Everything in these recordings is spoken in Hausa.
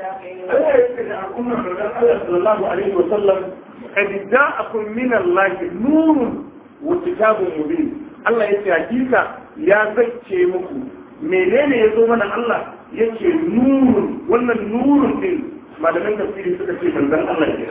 Allah ya ce da al'ummar manzon Allah wa sallam kad ja'akum min Allah nurun wa kitabun mubin Allah ya ce hakika ya zace muku menene ya zo mana Allah ya ce nurun wannan nurun din malamin tafsiri suka ce manzon Allah ne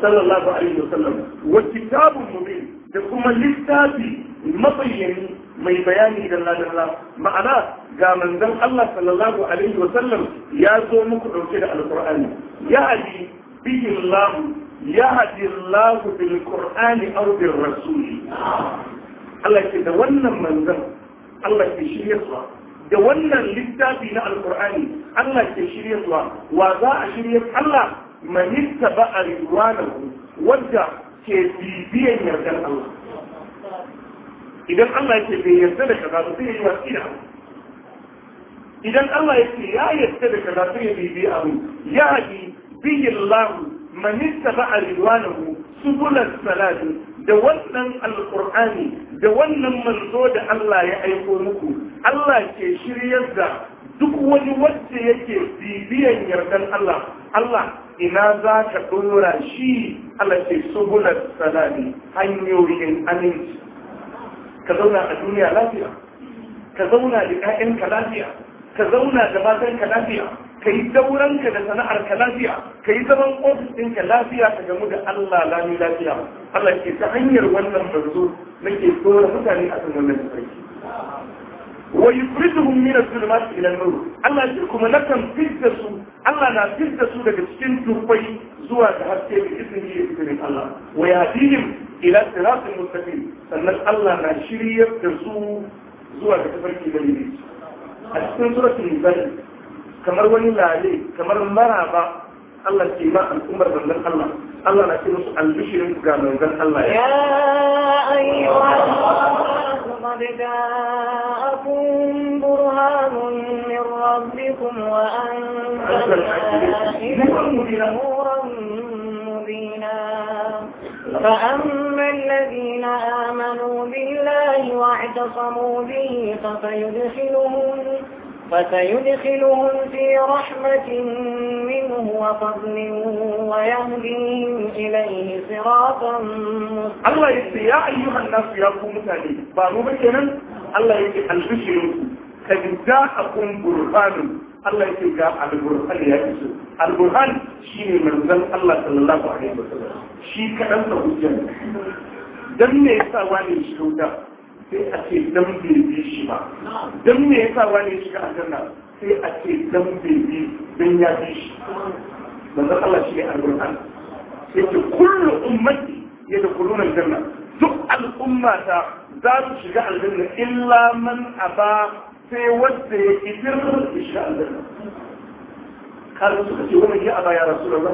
sallallahu alaihi wa sallam wa kitabun mubin da kuma littafi mabayyani mai bayani da ladalla ma'ana ga manzon Allah sallallahu alaihi wa sallam ya zo muku dauke da alqur'ani ya hadi bihi Allah ya hadi Allah bil qur'ani aw bil rasul Allah ke da wannan manzon Allah ke shiryarwa da wannan littafi na alqur'ani Allah ke shiryarwa wa za a shirya? Allah man ittaba ridwanahu wanda ke bibiyan yardan Allah idan Allah yake bai yarda da kaza sai ya yi watsi da idan Allah ya ya yarda da kaza sai ya bibi abu ya haɗi biyin lahu manista ba a riwanahu subulan salatu da wannan alƙur'ani da wannan manzo da Allah ya aiko muku Allah ke shiryar da duk wani wacce yake bibiyan yardan Allah Allah ina za ka dora shi Allah ke subulan salati hanyoyin aminci ka zauna a duniya lafiya ka zauna da ƴaƴanka lafiya ka zauna da matanka lafiya ka yi dauranka da sana'arka lafiya ka yi zaman ofis ɗinka lafiya ka gamu da Allah lami lafiya Allah ke ta hanyar wannan manzo nake tsoron mutane a kan wannan sarki wa yukriduhum min az-zulumat ila an-nur Allah ke kuma nakan fidda su Allah na fidda su daga cikin tukwai zuwa ga haske da izinin Allah wa yahdihim ila siratul mustaqim sannan Allah na shiryar da su zuwa ga tafarki da ne a cikin suratul nisa kamar wani lale kamar mara ba Allah ke ma al'ummar manzon Allah Allah na ce musu albishirin ga manzon Allah ya ayyuhal فأما الذين آمنوا بالله واعتصموا به فسيدخلهم فسيدخلهم في رحمة منه وفضل ويهديهم إليه صراطا مستقيما الله يقول يا أيها الناس يا قوم ثاني بارو بكنا الله يقول البشر كذب جاءكم برهان Allah ya ce ga al-Qur'an ya iso al-Qur'an shine manzon Allah sallallahu alaihi wasallam shi kadan sa hujja dan me yasa wani shi wuta sai a ce dan bebe shi ba dan me yasa wani shi ka aljanna sai a ce dan bebe don ya bi shi manzon Allah shi ne a alquran sai ce kullu ummati yadkhuluna aljanna duk al'umma ta za su shiga aljanna illa man a ba sai wanda ya kifir ya shiga aljanna kaza suka ce wani ya rasu da ba.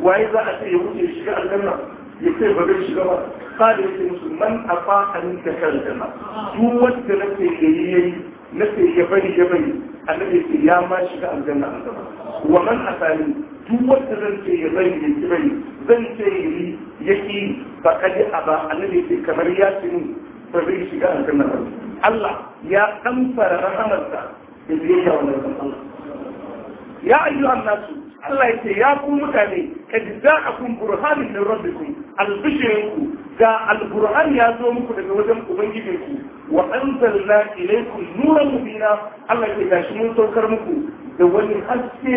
waye za a ce ya wuce shiga aljanna Ya yace ba zai shiga ba kada yace musu man afaqa min takal jama duk wanda nake yayi yayi nake ya bari ya bari annabi yace ya ma shiga a aljanna a gaba wa man asali duk wanda zan ce ya bari ya bari zan ce yi yake ba kaji aba annabi yace kamar ya ce mun ba zai shiga a aljanna ba Allah ya kamfara rahamarsa da zai ya wannan Allah ya ayyuhan nasu Allah yake ya ku mutane kad ja'akum burhanun min rabbikum albishirinku ga alqur'an ya zo muku daga wajen ubangijinku wa anzalna ilaykum nuran mubina Allah yake gashi mun saukar muku da wani haske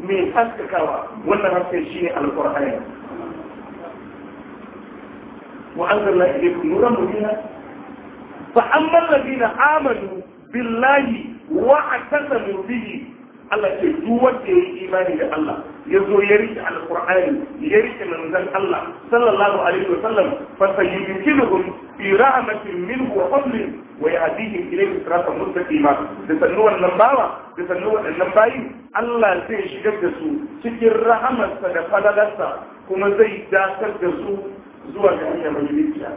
mai haskakawa wannan haske shine alqur'ani wa anzalna ilaykum nuran mubina fa amma alladhina amanu billahi wa atasamu bihi Allah ce duk wanda ya yi imani da Allah ya zo ya rike alqur'ani ya rike manzon Allah sallallahu alaihi wa sallam fa sayyidkiluhum fi rahmatin minhu wa fadlin wa yahdihim ilayhi siratan mustaqima da sannu wannan bawa da sannu wannan bayi Allah zai shigar da su cikin rahamarsa da falalarsa kuma zai dakar da su zuwa ga hanya mai lafiya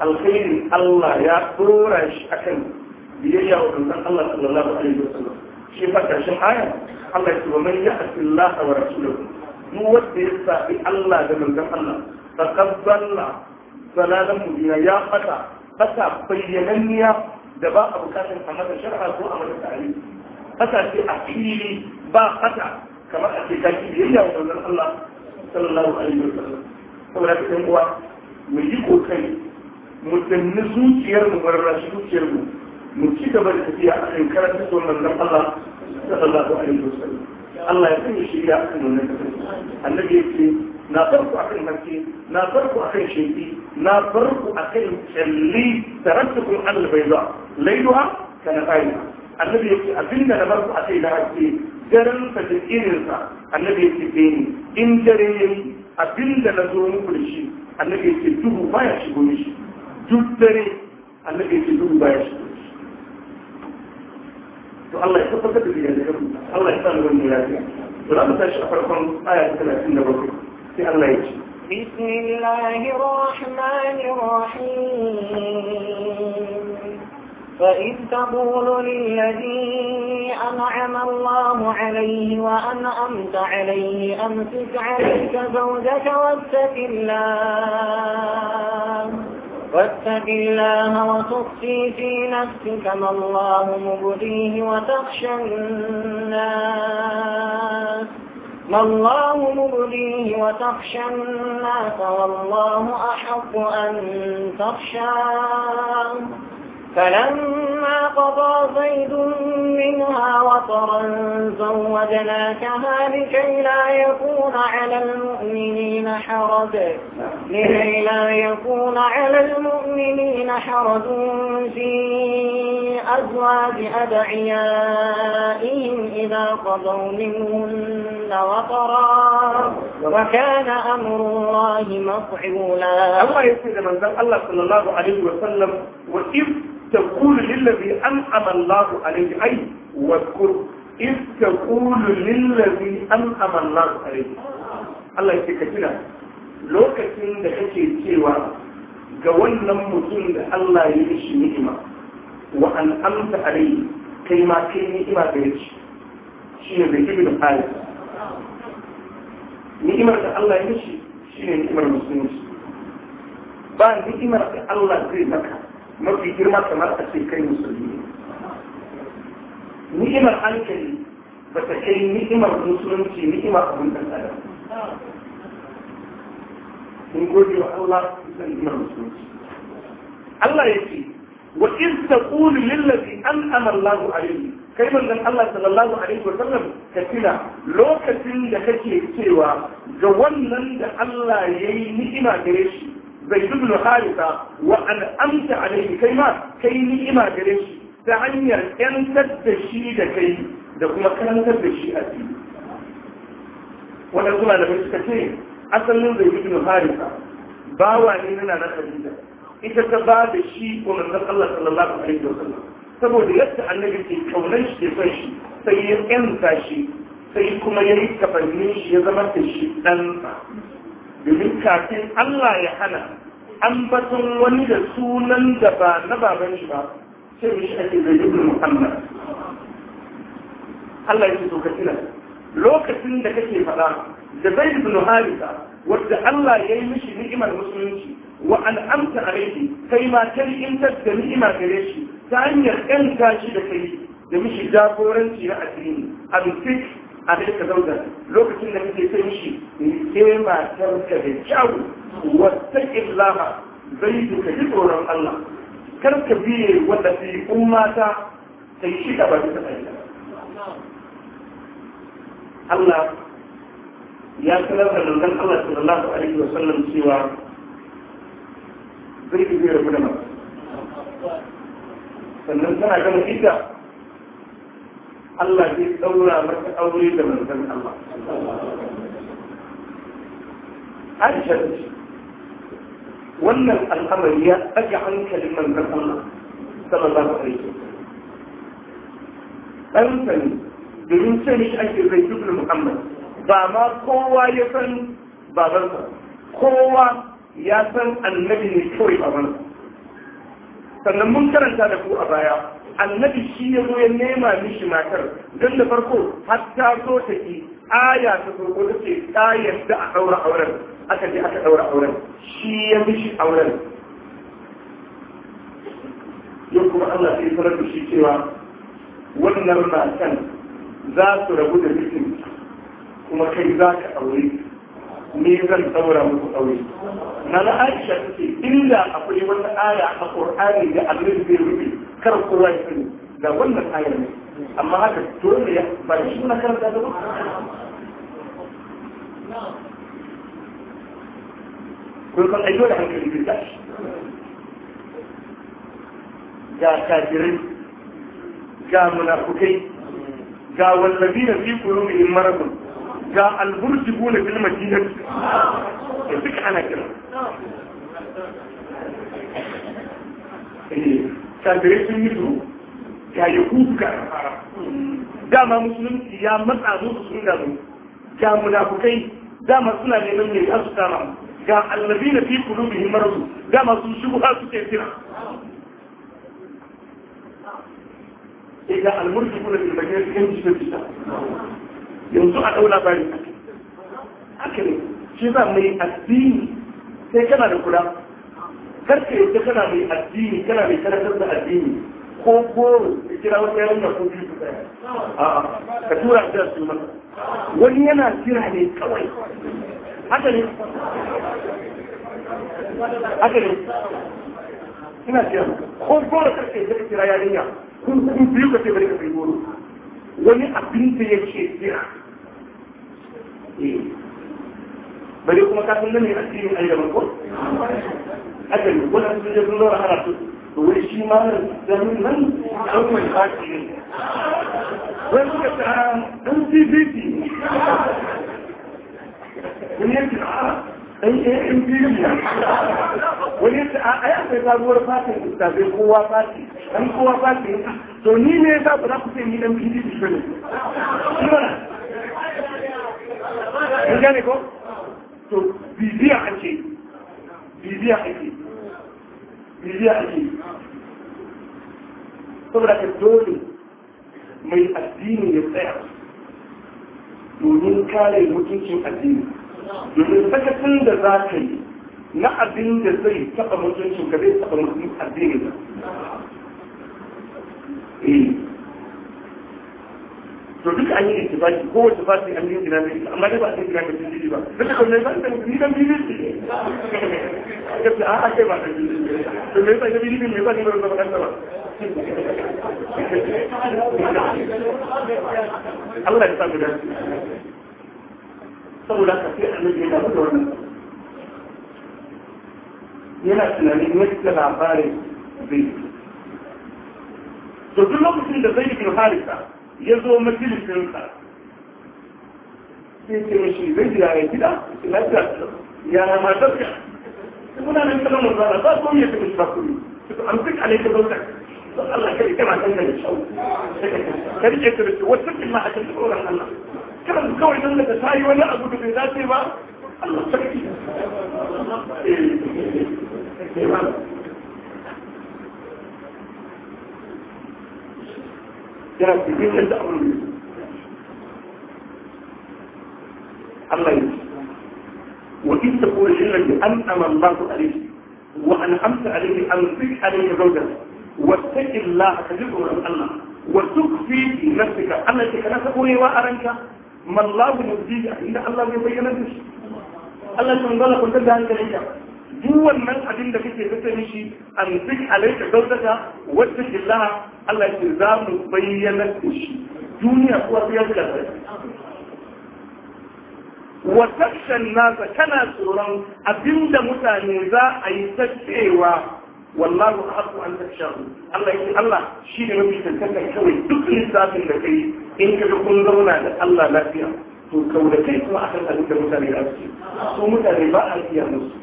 alkhairin Allah ya dora shi akan biyayya wa manzon Allah sallallahu alaihi wa sallam shi fa karshen ayan Allah ya ce wa man ya'ti Allah wa rasulahu duk wanda ya sabi Allah da manzon Allah faqad dalla dalalan mubina ya fata fata bayyananniya da ba a bukatar a mata shar'a ko a mata ta'ali fata ce a fili ba fata kamar a ce ta ki biyayya wa manzon Allah sallallahu alaihi wa sallam saboda ka ɗan uwa mu yi kokari mu danni zuciyarmu mu rarrashi zuciyarmu mu ci gaba da tafiya a kan karatu da manzon Allah sallallahu alaihi wasallam Allah ya sanya shirya a kan wannan kasar annabi ya ce na farko a kan haske na farko a kan shirki na farko a kan kyalli da rattukun Allah bai zuwa laiduwa ka na tsayi annabi ya ce abin da na farko a kai na haske daren sa da irinsa annabi ya ce beni in dare ya yi abin da na zo muku da shi annabi ya ce duhu baya shigo mishi duk dare annabi ya ce duhu baya shigo الله يحطه الله يحطه من ملاكه بسم الله الرحمن الرحيم فإذ تقول للذي أنعم الله عليه وأنأمت عليه أمسك عليك زوجك واتك الله واتق الله وتخفي في نفسك ما الله مبديه وتخشى الناس ما الله مبديه وتخشى الناس والله أحق أن تخشاه فلما قضى زيد منها وطرا زوجناكها لكي لا يكون على المؤمنين حرج لكي لا يكون على المؤمنين حرج في أزواج أدعيائهم إذا قضوا منهن وطرا وكان أمر الله مفعولا الله يسير من الله صلى الله عليه وسلم wa if taqulu lillazi an'ama Allahu alayhi ay wa kur if taqulu lillazi an'ama Allahu alayhi Allah ya ka tuna lokacin da kake cewa ga wannan mutum da Allah ya yi shi ni'ima wa an'amta alayhi kai ma kai ni'ima da yake shi ne bai ibn Faris ni'imar da Allah ya shi ne musulunci ba ni'imar da Allah zai maka mafi girma kamar a kai musulmi ni'imar hankali ba ta kai ni'imar musulunci ni'imar abin dan adam in gode wa Allah bisa ni'imar musulunci Allah ya ce wa in taqulu an amar lagu Allahu alayhi kai manzon Allah sallallahu alaihi wa sallam ka tuna lokacin da kake cewa ga wannan da Allah ya yayi ni'ima gare shi zai dubu da harika wa al’amta kai ma kai ni'ima gare shi ta hanyar ‘yantar da shi da kai da kuma karantar da shi a fi wadda zuwa da suka ce asalin zai dubu da ba wa ne nuna na kalida ita ta bada da shi ko na tsallar sallallahu alaihi wa sallam saboda yadda annabi ke kaunar shi ke son shi sai ya ‘yanta shi sai kuma ya yi kafanin shi ya zama da shi ɗansa domin kafin Allah ya hana an batun wani da sunan da ba na baban shi ba sai shi ake zai Muhammad Allah ya ce to ka tuna lokacin da kake faɗa da zai ibn Harisa wadda Allah ya yi mishi ni'imar musulunci wa al'amta alaihi kai ma kai in da ni'ima gare shi ta hanyar ƴan tashi da kai da mishi jagoranci na addini al-fiqh a duka zaunar lokacin da kake son shi sai matar ka da kyau wata illaha zai duka ji tsoron Allah kar ka biye wanda fi ummata ta yi shi gaba ba duka tsaye Allah ya sanar da manzon Allah sallallahu alaihi wa sallam cewa zai duka rabu da mata sannan tana gama ita Allah zai ɗaura maka aure da manzon Allah Aisha wannan al'amari ya ɗaga hankalin manzon Allah za alaihi wasallam ɗan sani domin sani ake zai dubna Muhammad ba ma kowa ya san babansa kowa ya san annabi ne kawai babansa sannan mun karanta da ku a baya annabi shi ya zo ya nema mishi matar don da farko har ta zo ta ki aya ta farko ta ce ta yarda a daura auren aka je aka ɗaura auren shi ya mishi auren yau kuma Allah sai sanar da shi cewa wannan matan za su rabu da mutum kuma kai za ka aure ni zan daura muku aure na na Aisha ta ce inda akwai wata aya a Qur'ani da Allah zai rubuta kar kowa ya sani ga wannan ayar ne amma haka dole ya ba shi na karanta da ba kun san ai dole hankali bin tashi ga kafirai ga munafukai ga wallabi na fi qulubihim maradun ga alburjibuna fil da duka ana kira kafirai sun yi su ya yi kuka dama musulunci ya matsa musu sun gazu ga munafukai dama suna neman mai ya su kama ga allabi na fi mai maradu dama sun shigo ha ke tira إذا المرجفون في المجال كان sai kana da kula. karka yadda kana mai addini kana mai karantar da addini ko goro da kira wata yarinya ko biyu su a a'a ka tura da su maka wani yana kira ne kawai haka ne haka ne ina kira ko goro karka yadda ka kira yarinya kun kun biyu ka ce bari ka kai goro wani abin da yake kira eh. bari kuma kafin nan ne addini ayyukan ko aka yi wani sun je sun zo su to wai shi ma nan nan an mai kaci ne wai suka ta an cbt wani yake a an yi an biyu wani yake a ai akwai sabuwar fatin ustazai kowa fati an kowa fati to ni ne za ku ce ni dan pdp ne shi mana ko to bibiya ake bibiya ake bibiya ake saboda ka dole mai addini ya tsaya domin kare mutuncin addini domin sakacin da za ka yi na abin da zai taba mutuncin ka zai taba mutuncin addini ba to duka an yi ittifaki ko wata fasin an yi gina ne amma dai ba a gina da jini ba duka kuma ba da ni dan jini ne ka ce a kai ba da jini to me yasa ga jini me yasa ne ba da ba Allah ya samu saboda ka sai annabi ya da wannan yana tunanin yadda labarin zai to duk lokacin da zai bin harisa ya zo majalisinsa sai ce mashi zai jira ya gida lafiya ya matar ka muna nan kalan mazana ba ko ya tafi ba ku to an fik alaika zauka to Allah kai kana kan da shau kai ke tafi wata kin ma a kan tsoron Allah kana kawai nan da tayi wani abu da bai dace ba Allah sarki eh Allah wa ne an aman wa an fi Allah kana inda Allah bayyana da shi Allah da duk wannan abin da kake kasa mishi an duk alaika zautaka wata illaha. Allah ke za mu bayyana da shi duniya kuwa biyar da rai Wata tashan nasa kana tsoron abinda mutane za a yi tattewa wallahu haku an tafi tashahu Allah yake Allah shi ne mafi tantanka kawai duk lissafin da kai in kaga kun zauna da Allah lafiya to kau da kai kuma akan abin da mutane za su ce su mutane ba a iya musu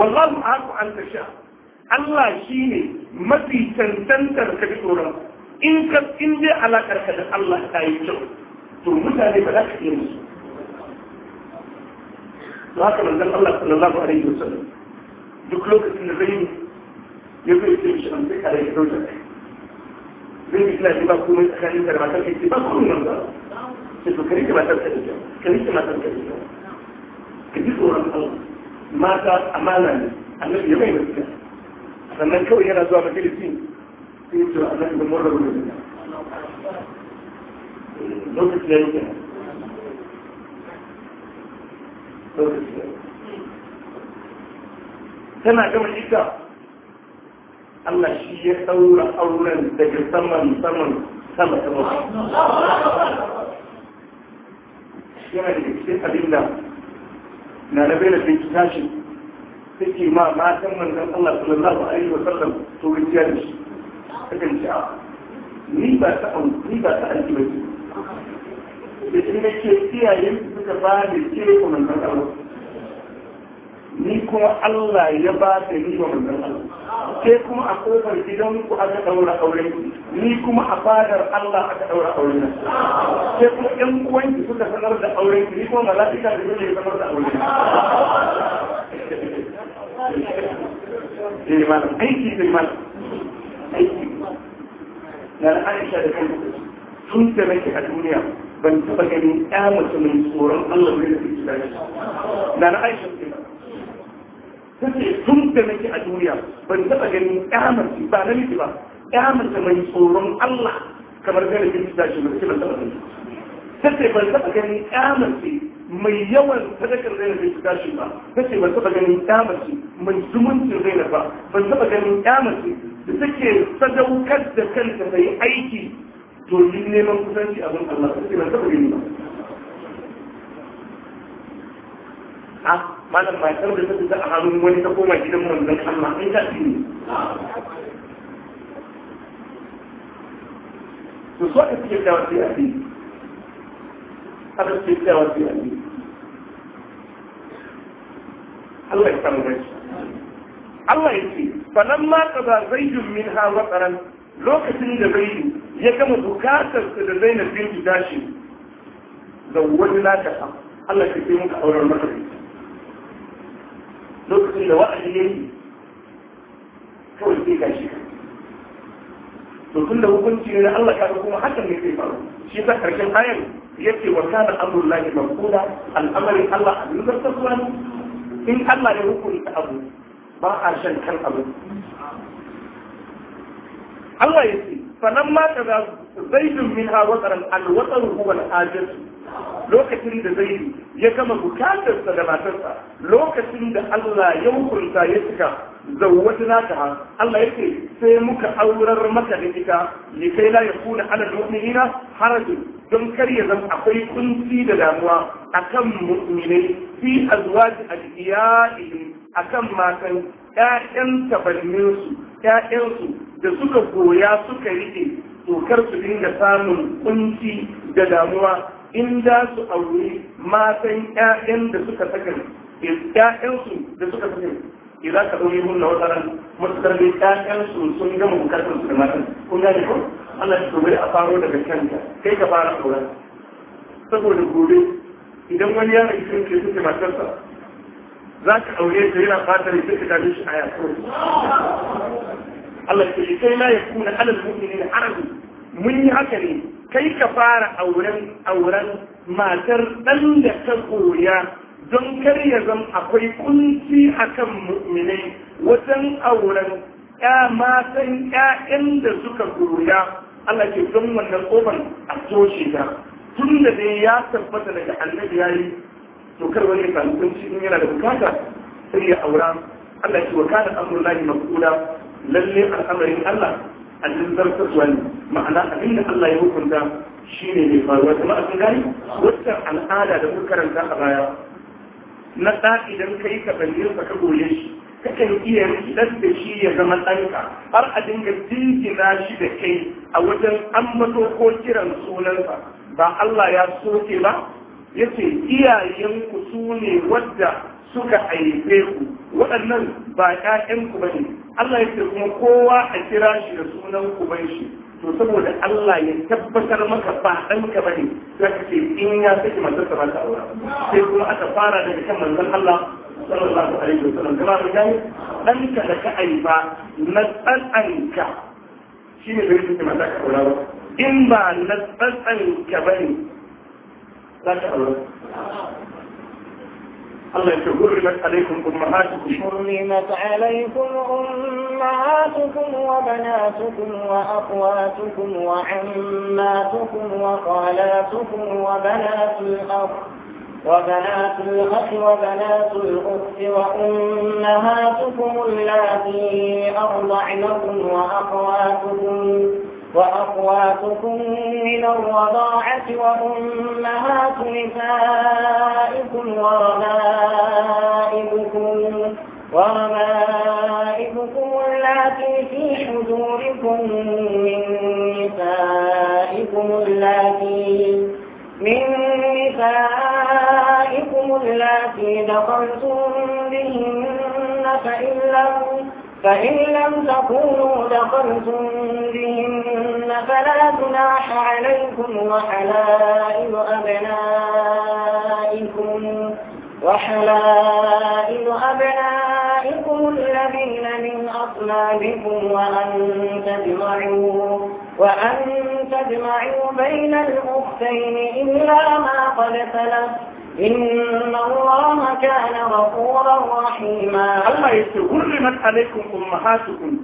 wallahu aku an ta sha Allah shi ne mafi cancantar ka tsoron in ka in dai alaƙar ka da Allah ta yi kyau to mutane ba za ka iya musu to haka manzon Allah sallallahu alaihi wasallam duk lokacin da zai ya zai ce shi an sai kare ya dauka zai yi kila ba komai tsakanin da matar kai ba komai nan ba sai to kare ka matar kai da kyau kare ka matar ka da kyau ka ji tsoron Allah mata amana ne annabi ya mai gaskiya sannan kawai yana zuwa ga filistin sai ce annabi da morda gudu da lokaci da yake tana gama ita Allah shi ya ɗaura auren daga saman saman sama sama yana da cikin abin da na da bai da sai tashi ma matan manzon Allah sallallahu alaihi wa sallam to gajiya da shi kakan ci ni ba ta ni ba ta an kibaci da shi nake iyayen suka ba da ce ko manzon Allah ni kuma Allah ya ba ta ni wa manzon sai kuma a kofar gidan ku aka daura aure. ni kuma a fadar Allah aka daura auren nan sai kuma ɗan uwan ki suka sanar da auren ni kuma mala'ika da zai sanar da aure. ni eh, malam aiki ne malam aiki na Aisha da kanta tun da nake a duniya ban taɓa ganin ƴa mutumin tsoron Allah ne da take da shi na Aisha suke tun da nake a duniya ban taɓa ganin ƙyamar ba na miji ba ƙyamar ta mai tsoron Allah kamar gane bin da shi ne ban taɓa ganin sai ban taɓa ganin ƙyamar mai yawan sadakar zai bin da shi ba sai ban taɓa ganin ƙyamar mai zumuncin zai ba ban taɓa ganin ƙyamar ce da take sadaukar da kanta ta yi aiki domin neman kusanci abin Allah sai ban taɓa ganin ba. Ah, malam ba san da a hannun wani ta koma gidan manzon Allah in ta ne to so da cikin da wasu yadi haka cikin da wasu yadi Allah ya samu rai Allah ya ce zai qada zaidun ha wataran lokacin da bai ya gama su da zainab bin wani lakasa Allah ya ce muka auren maka lokacin da wa'adi ya yi kawai gashi ka to tun da hukunci ne na Allah ya kuma hakan ne zai faru shi ta karshen ayar ce wa kana amrullahi maqula al'amarin Allah a nuzar ta in Allah ya hukunta abu ba a shan kan abu Allah ya ce فلما كذا زيد منها وطرا الوطر هو الحاجة lokacin da zai ya gama bukatarsa da matarsa lokacin da Allah ya hukunta ya cika zawwata naka Allah yake sai muka aurar maka da ita ne kai la ya kuna ala mu'minina harajin don kar ya zama akwai kunci da damuwa akan mu'minai fi azwaji adiyaihim akan matan ƴaƴan tabanninsu ‘ya'yansu da suka goya suka riƙe dokar su dinga samun kunci da damuwa in da su aure matan ‘ya'yan da suka saka ‘ya'yansu eh, da suka saka eh, za ka ɗaure hunna wata ran matuƙar dai ‘ya'yansu sun gama bukatar su da matan kun gane ko Allah ya tsobai a faro daga kanka kai ka fara tsoron saboda gobe idan wani yaron kirin ke suke matarsa za ka aure ta yana fatar sai ka dame shi a yaso Allah ya kai na ya kuna alal mu'minin arabi mun yi haka ne kai ka fara auren auren matar dan da ta koya don kar ya zama akwai kunci akan mu'minai wajen auren ya matan ƴaƴan da suka koya Allah ke don wannan kofar a toshe ta tun da dai ya tabbata daga annabi yayi to kar wani ya sami kunci in yana da bukata sai ya aura Allah ce wa kana amrullahi maqula lalle al'amarin Allah allin zartarwa ne ma'ana abin da Allah ya hukunta shine mai faruwa kuma a gani wata al'ada da kuka karanta a baya na da idan kai ka sa ka goye shi kakan iya rikidar da shi ya zama ɗanka har a dinga jingina shi da kai a wajen ambato ko kiran sunansa ba Allah ya soke ba Ya ce iyayenku su ne wadda suka haife ku waɗannan ba ƴaƴanku ba ne Allah ya ce kuma kowa a kira shi da sunan uban shi to saboda Allah ya tabbatar maka ba ɗanka ba ne za ka ce in ya saki manzon sa ba aura sai kuma aka fara daga kan manzon Allah sallallahu alaihi wasallam kuma mun gani ɗanka da ka aifa na tsananka ne da yake mata ka aura ba in ba na tsananka ba ne الله عليكم أمهاتكم حرمت عليكم أمهاتكم وبناتكم وأخواتكم وعماتكم وخالاتكم وبنات الأخ وبنات الأخ وبنات الأخت وأمهاتكم اللاتي أرضعنكم وأخواتكم وأخواتكم من الرضاعة وأمهات نسائكم ورمائبكم ورمائبكم التي في حجوركم من نسائكم التي من نسائكم التي دخلتم بهن فإن لم فإن لم تكونوا دخلتم بهن فلا جناح عليكم وحلائل أبنائكم وحلائل أبنائكم الذين من أصلابكم وأن تجمعوا وأن تجمعوا بين الأختين إلا ما قد سلف إن الله كان غفورا رحيما الله يستغرمت عليكم أمهاتكم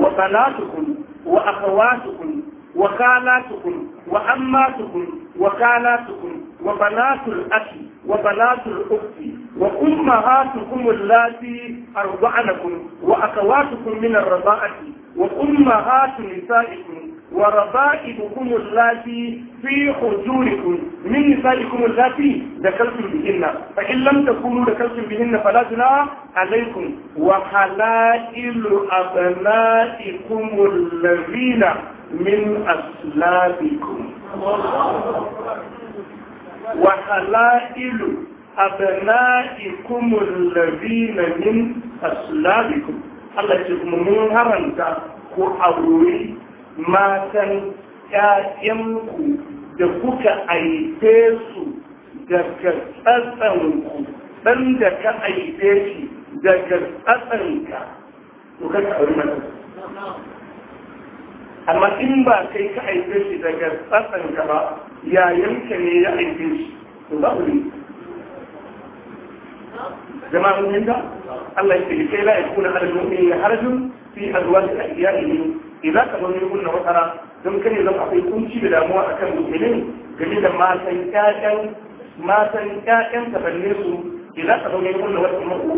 وبناتكم وأخواتكم وخالاتكم وأماتكم وخالاتكم وبنات الأخ وبنات الأخت وأمهاتكم اللاتي أرضعنكم وأخواتكم من الرضاعة وأمهات نسائكم وربائبكم اللاتي في حجوركم من نسائكم اللاتي ذكرتم بهن فإن لم تكونوا ذكرتم بهن فلا جناح عليكم وحلائل أبنائكم الذين من أسلافكم وحلائل أبنائكم الذين من أسلافكم الله يقول من هرمت ku aure matan ‘ya'yanku da kuka aife su daga tsatsanku, ɗan da ka aife shi daga tsatsanka, to ka auri mata. Amma in ba kai ka aife shi daga tsatsanka ba, ka ne ya aife shi, to ba ne zama mun ta Allah ya ce, kai la ya harjun alal mu'mini harajun fi azwaj ayyaihi idan eh, ka zaune kun na wasara don kare zama akwai kunci da damuwa akan musulmi game da matan ƴaƴan tafanne su idan eh, ka zaune kun na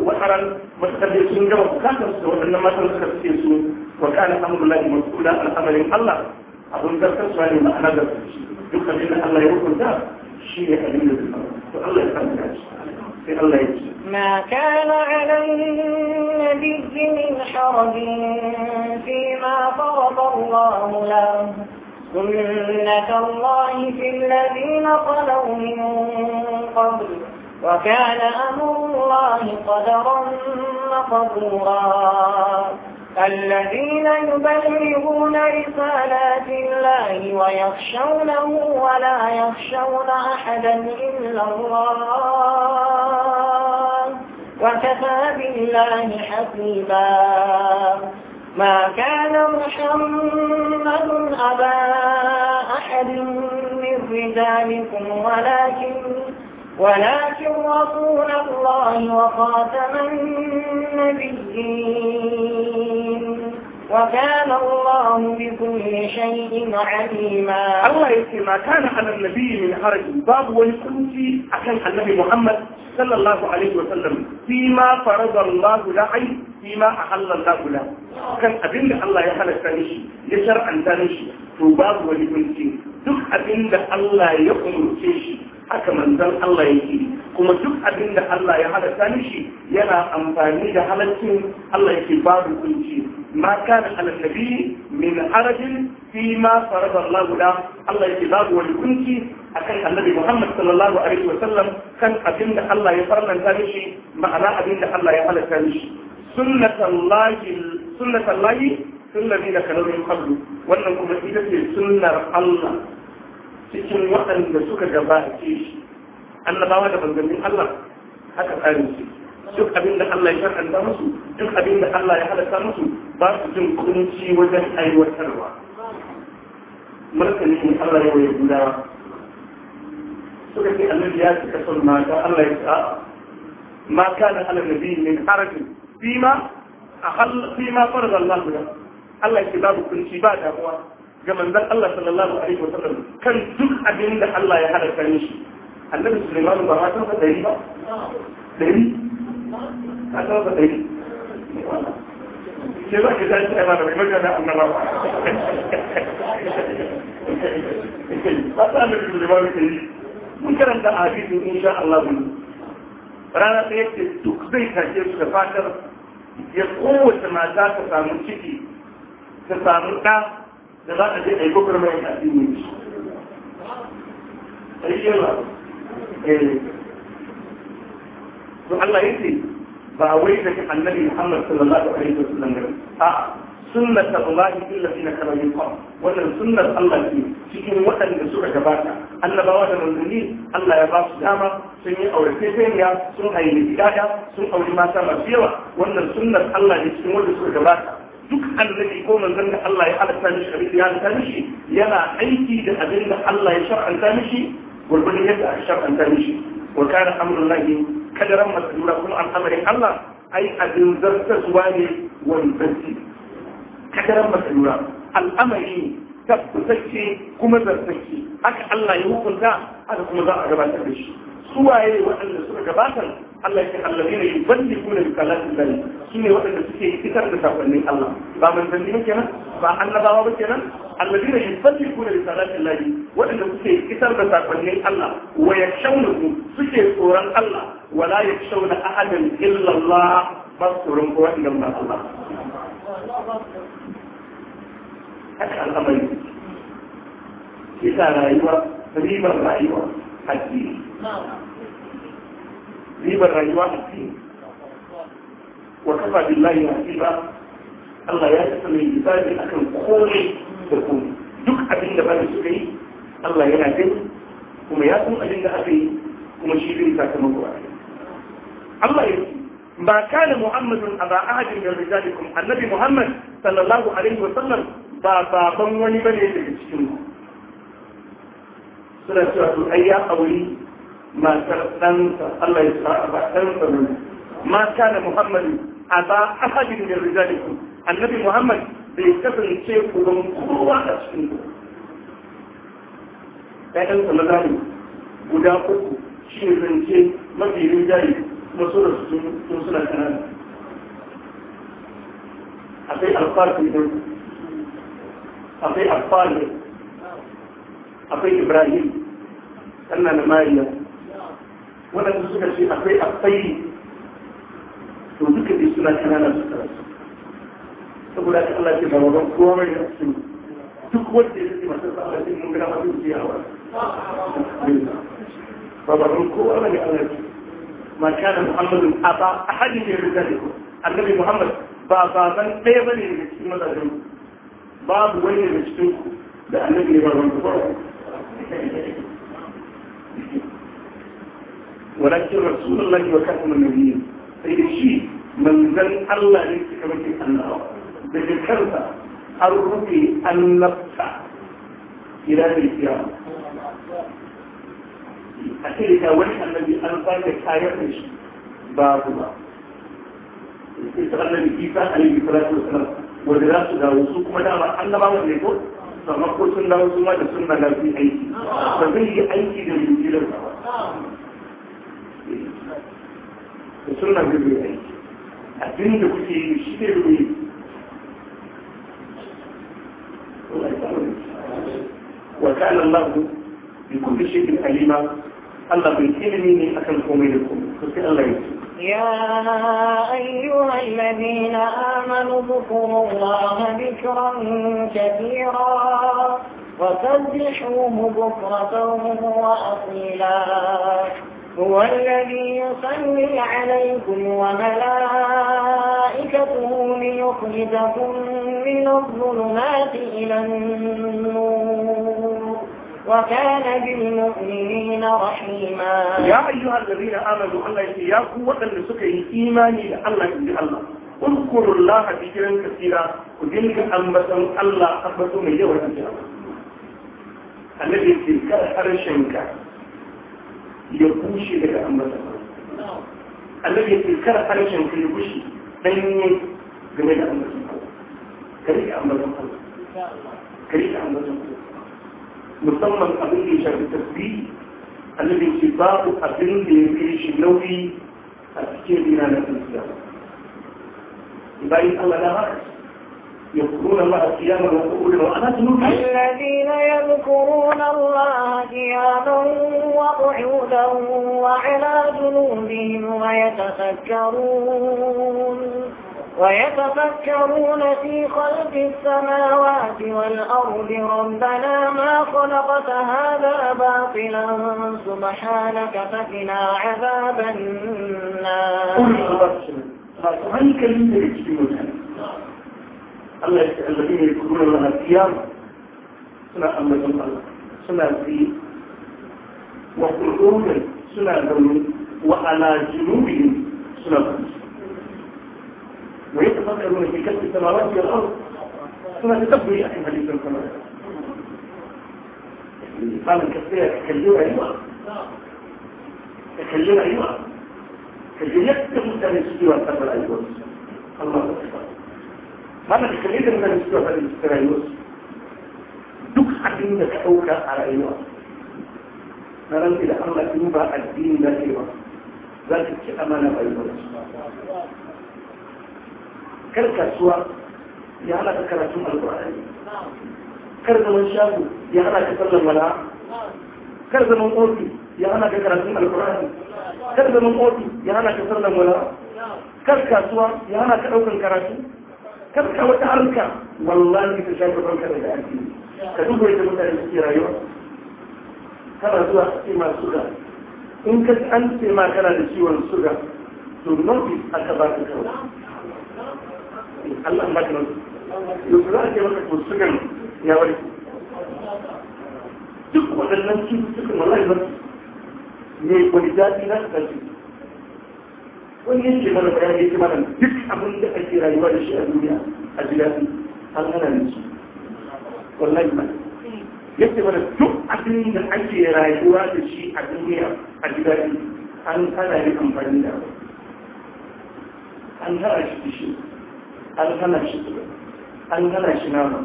wasara wasu sun gama bukatar su da waɗannan matan suka fice su wa kana amrullahi kula al'amarin Allah abun su ne ma'ana zartarci duk abin da Allah ya hukunta shi ne abin da zai to Allah ya san da shi ما كان على النبي من حرج فيما فرض الله له سنة الله في الذين خلوا من قبل وكان أمر الله قدرا مقدورا الذين يبلغون رسالات الله ويخشونه ولا يخشون أحدا إلا الله وكفى بالله حسيبا ما كان محمد أبا أحد من رجالكم ولكن ولكن رسول الله وخاتم النبيين وكان الله بكل شيء عليما الله يسمى ما كان على النبي من حرج باب والكنتي أكن النبي محمد صلى الله عليه وسلم فيما فرض الله له فيما أحل الله له كان أبين الله يحل الثانيشي يشرع الثانيشي فباب والكنتي دك أبين الله يأمر شيء haka manzon Allah yake kuma duk abin da Allah ya halatta mishi yana amfani da halaccin Allah yake babu kunci ma kana annabi min harajin fi ma farada Allah da Allah yake babu wani kunci akan annabi Muhammad sallallahu alaihi wa sallam kan abin da Allah ya farlanta mishi ma'ana abin da Allah ya halatta mishi sunnatullahi sunnatullahi sunnatullahi da kalau min qablu wannan kuma ita ce sunnar Allah cikin waɗanda suka gabace shi Allah annabawa da manzannin Allah haka tsarin su duk abin da Allah ya shar'anta musu duk abin da Allah ya halatta musu ba su jin kunci wajen aiwatarwa martani ne Allah ya waye gudawa suka ce annabi ya cika son mata Allah ya sa ma kana ala nabi min harakin fima a fima farz Allah Allah ya ce babu kunci ba damuwa ga manzon Allah sallallahu alaihi wasallam kan duk abin da Allah ya halatta mishi annabi Sulaiman ba ma san ba dari ba dari ka san ba dari ke za ki tashi ai ba da mai da annaba ba ba ta annabi Sulaiman ke yi mun karanta a hadisi insha Allah mun rana ta ce duk zai tashe su da fatar ya kowace mata ta samu ciki ta samu ɗa da za a je a yi kokar mai addini da su a yi yawa eh. to Allah ya ce ba wai da annabi Muhammad sallallahu alaihi wa wasallam gari a sunnat Allah illati na karamin kwa wannan sunnar Allah ce cikin waɗanda suka gabata annabawa da manzanni Allah ya ba su dama sun yi aure sun haihu iyaya sun aure mata masu yawa wannan sunnar Allah ne cikin waɗanda suka gabata duk ke ko manzon da Allah ya halatta mishi abin da ya halatta mishi yana aiki da abin da Allah ya shar'anta mishi gurgurin yadda aka shar'anta mishi wa kana amrullahi kadaran masdura kuma al'amarin Allah ai abin zartaswa ne wanzanci kadaran masdura al'amari tabbatacce kuma zartacce haka Allah ya hukunta haka kuma za a gabatar da shi suwaye waɗanda suka gabatar Allah ya allazi ne yuballi kuna bi kalatin bani shine waɗanda suke fitar da sakonnin Allah ba manzanni ba kenan ba annabawa ba kenan allazi ne yuballi kuna bi kalatin lahi waɗanda suke fitar da sakonnin Allah wa yakshawnahu suke tsoron Allah wala ya yakshawna ahadan illa Allah ba tsoron kowa idan ba Allah haka al'amari kisa rayuwa ribar rayuwa hakki ribar rayuwa addini wa kafa billahi ba Allah ya tafi mai hisabi akan komai da komai duk abin da bani suka yi Allah yana gani kuma ya san abin da aka yi kuma shi zai sakamako a Allah ya ce ما كان محمد أبا أحد من رجالكم النبي محمد صلى ba عليه wani بابا بن وني بني تجسكم سنة سورة الأيام aure. matar ɗansa Allah ya sa ba ɗansa ne ma kana Muhammadu a ba ahadin da rijalikum annabi Muhammad bai kasance uban kowa a cikin ku ɗayansa maza ne guda uku shi ne zance mafi rinjaye masu da su sun suna kanana akwai alfarfi ne akwai alfarfi akwai ibrahim sannan da mariya waɗanda suka ce akwai akwai to duka dai suna kanana su karatu saboda ka Allah ke ba wajen kowa ne a duk wanda ya ce masu sa Allah ce mun gina masu jiyawa ba ba wajen kowa ne Allah ce ma kana Muhammadu a ba a hajji ne rika ku annabi Muhammad ba baban ɗaya ba ne daga cikin mazajen babu wani daga cikin ku da annabi ne ba wani ba ولكن رسول الله وكاتم النبيين sai da shi manzan Allah ne suka mafi annawa daga kansa an rufe annabta ila da kiyama a ce da wani annabi an sake kayar da shi babu ba sai ta annabi isa alaihi salatu wasalam wanda za su dawo su kuma dama annabawan ne ko ma da aiki ba zai yi aiki da mujilar ba Sonra görüyor. Adını da kutuyu işte görüyor. وكان الله بكل شيء عليما الله بالإلمين أكل قومينكم فسأل يا أيها الذين آمنوا ذكروا الله ذكرا كثيرا وسبحوه بكرة وأصيلا هو الذي يصلي عليكم وملائكته ليخرجكم من الظلمات إلى النور وكان بالمؤمنين رحيما يا أيها الذين آمنوا الله إياكم وأن سكي إيماني لله إن الله اذكروا الله ذكرا كثيرا وذلك أنبتا الله أنبتا من يوم القيامة الذي تلك أرشنك ya bushe daga ambata annabi ya ce kar harshen ka ya bushe danye game da ambatan ka rike ka rike musamman abin da ya shafi tasbihi annabi ya ce babu abin da ya fi shi nauyi a cikin rina na kuma bayan Allah na haka يذكرون الله قياما وقعودا الذين يذكرون الله قياما وقعودا وعلى جنوبهم ويتفكرون ويتفكرون في خلق السماوات والأرض ربنا ما خلقت هذا باطلا سبحانك فقنا عذاب النار الذين يقولون لنا القيام سنة أما جمع سنة في وقعود سنة دوني وعلى جنوبهم سنة خمس ويتفكرون في كشف السماوات والأرض سنة تبني أحيانا حديث كسب السماوات فعلا كثيرا تكلم أيوة تكلم أيوة تكلم يكتب مستمع سجوة تبرع أيوة الله أكبر mana kalidin nan suka faɗi suka rayuwarsu duk abin da ka ɗauka a rayuwa na rantsi da Allah in ba addini na ke ba za ka ci amana bai ba kar kasuwa ya hana ka karatun alƙur'ani kar zaman shago ya hana ka sallan wala kar zaman ofis ya hana ka karatun alƙur'ani kar zaman ofis ya hana ka sallan wala kar kasuwa ya hana ka ɗaukan karatu karka wata harka wallahi ta shafi banka da addini ka duba yadda mutane suke rayuwa kana zuwa a ce masu suga in ka an ce ma kana da ciwon suga to notice aka ba ka kawai Allah ba ka notice yanzu za a ce maka to sugan ya wari duk waɗannan cututtukan wallahi ba ne wani daɗi na ka tashi wani yake mana bayan yake mana duk abin da ake rayuwa da shi a duniya a jirafi an hana ne su wallahi ma yake mana duk abin da ake rayuwa da shi a duniya a jirafi an hana ne amfani da an hana shi shi, an hana shi tuba an hana shi nama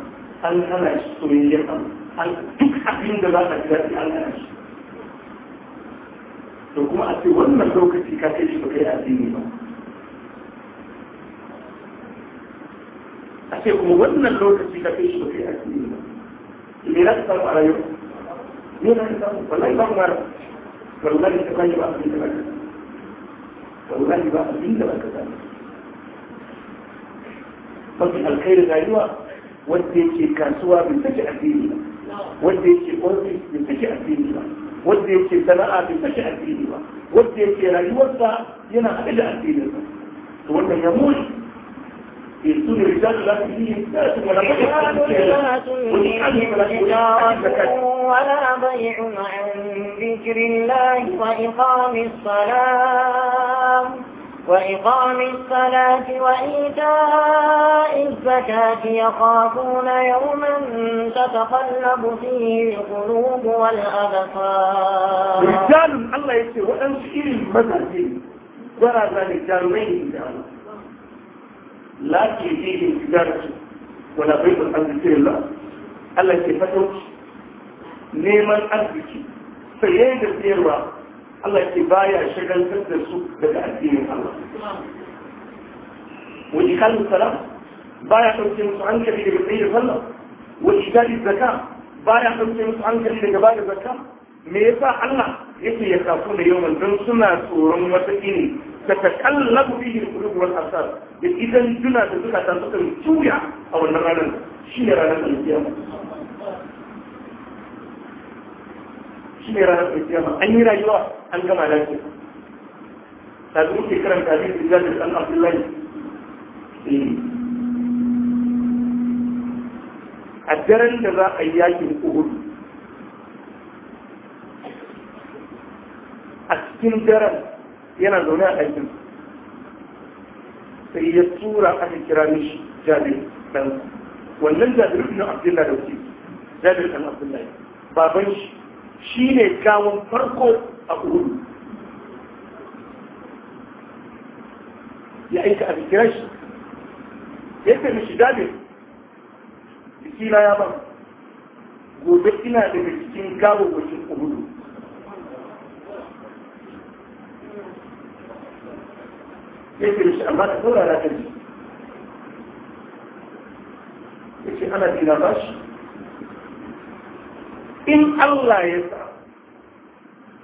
an hana shi soyayyen abu an duk abin da za a jirafi an hana shi to kuma a ce wannan lokaci ka kai shi ba kai addini ba a ce kuma wannan lokaci ka kai shi ba kai addini ba me za ka samu a rayuwa me za ka samu wallahi ba kuma wallahi ta kai ba abin da ba ka wallahi ba abin da ba ka samu mafi alkhairi rayuwa wanda yake kasuwa bai take addini ba wanda yake ofis bai take addini ba wanda yake sana'a bai sake addini ba wanda yake rayuwarsa yana haɗe da addininsa to wannan ya mushi يكون الرجال لا فيهم ولا بيع عن ذكر الله وإقام الصلاة وإقام الصلاة وإيتاء الزكاة يخافون يوما تتقلب فيه القلوب والأبصار رجال الله يسير أنس إلي مذهبين ولا ذلك رجالين لا تجيهم تجارة ولا بيض عن ذكر الله الله يسير فتوش نيما أرضك سيين الزيروة Allah ke baya shagaltar da su daga addinin Allah wani kalin salam baya ɗauke musu hankali daga tsaye sallah wani gadi zaka baya ɗauke musu hankali daga bada zaka me yasa Allah yake ya kafu da yawan don suna tsoron wata ini da ta kallabu bihi al-qulub da idan juna da suka ta suka juya a wannan ranar shi ne ranar kiyama shi ne ranar alkiyama an yi rayuwa an gama lafiya tabi muke karanta hadisi jabir an abdullahi eh. a daren da za a yi yakin uhud a cikin daren yana zaune a ɗakin sai ya tura aka kira mishi jabir ɗan wannan jabir ɗin abdullahi da wuce jabir ɗan abdullahi baban shi shi ne gawon farko a uhudu ya aika a bikiran shi ya ce mishi jabir jikina ya ba gobe ina daga cikin gawon wajen uhudu ya ce mishi amma ta saurara kan ji ya ce ana dina ba shi in Allah ya sa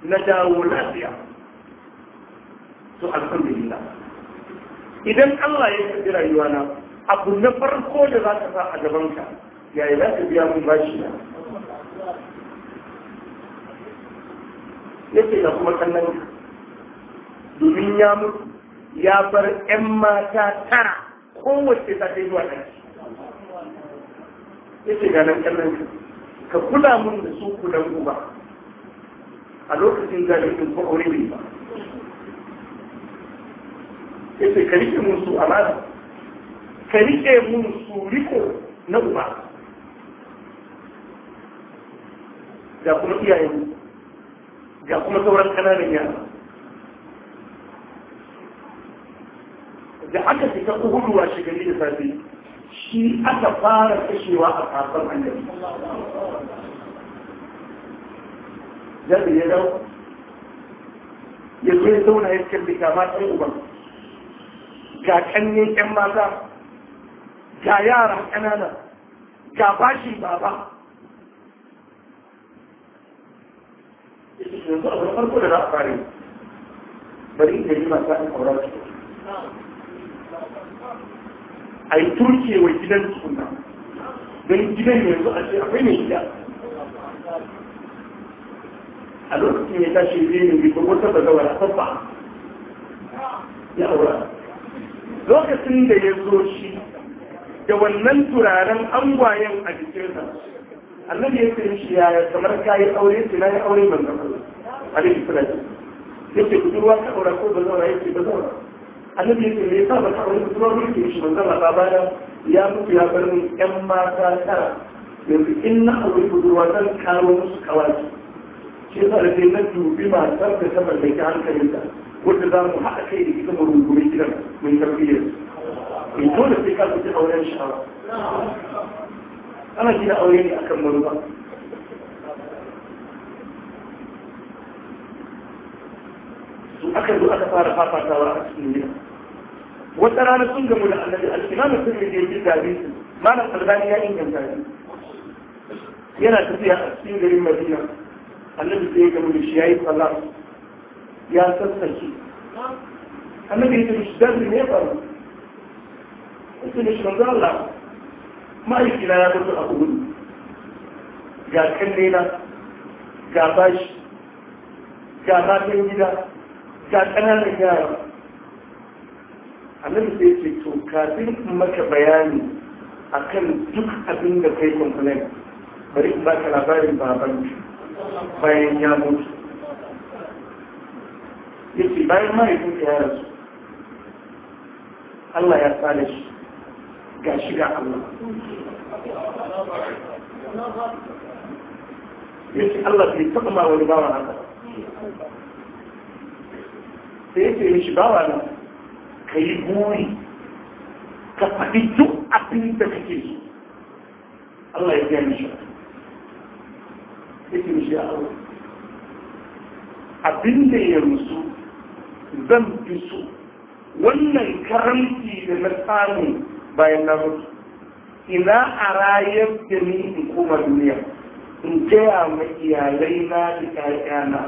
na dawo lafiya to alhamdulillah idan Allah ya tafi rayuwa na abu na farko da za ka sa a gabanka yayi za ka biya mun bashi na yake da kuma kallon domin ya mutu ya bar 'yan mata tara kowace ta kai zuwa ɗanci yake ganin kallon ka kula mun da su dan uba a lokacin jami'in ko aure ne ba yace ka rike mun su amana ka rike mun su riko na uba ga kuma iyaye, ga kuma sauran kananan yara da aka fita uhudu a shigari da safe shi aka fara kashewa a kafin annabi jabi ya dau ya zo ya zauna ya kalli kama ɗan uban ga kanne ƴan mata ga yara ƙanana ga bashi baba yanzu a na farko da za a fara yi bari da yi masu ɗan auren su a yi turke wa gidan suna don gidan yanzu a ce akwai mai gida a lokacin ya tashi zai ne bai wata da gawar a babba ya aura lokacin da ya zo shi da wannan turaren angwayen a jikinsa annabi ya ce shi ya kamar ka yi aure sai na yi aure ban zama alaihi ya ce budurwa ka aura ko ba zaura ce ba zaura annabi yake me yasa ba ta wani mutuwar mulki shi manzon Allah baya ya mutu ya bar min ƴan mata tara yanzu in na aure budurwa zan karo musu kawaki shi yasa da sai na dubi matar da ta mallaki hankalinta wanda za mu haɗa kai da ita mu rungume gidan mun tarbiyyar in eh, dole sai ka fita auren sha'awa ana gina aure ne akan maruba aka zo aka fara fafatawa a cikin gida wata rana sun gamu da annabi al-imamu sun yi jirgin tabi su malam albani ya inganta shi yana tafiya a cikin garin madina annabi sai ya gamu da shi ya yi sallah ya sassaki annabi ya ce shi dan ne faru sai ne shi manzo Allah ma'aikina ya mutu a kudu ga kalle na ga bashi ga matan gida ga ƙananan yara da sai ce to kafin maka bayani a kan duk abin da kai kwamfanin bari in baka labarin baban bayan ya mutu ce bayan mahaifin ya su. Allah ya tsare shi ga shiga Allah ce Allah bai taɓa ma wani bawa haka sai yake mishi bawa nan ka yi buri ka faɗi duk abin da kake so Allah ya gani shi yake shi a aure abin da ya rusu zan fi so wannan karamci da na samu bayan na mutu ina a rayar da ni in koma duniya in gaya ma iyalai na da ƴaƴana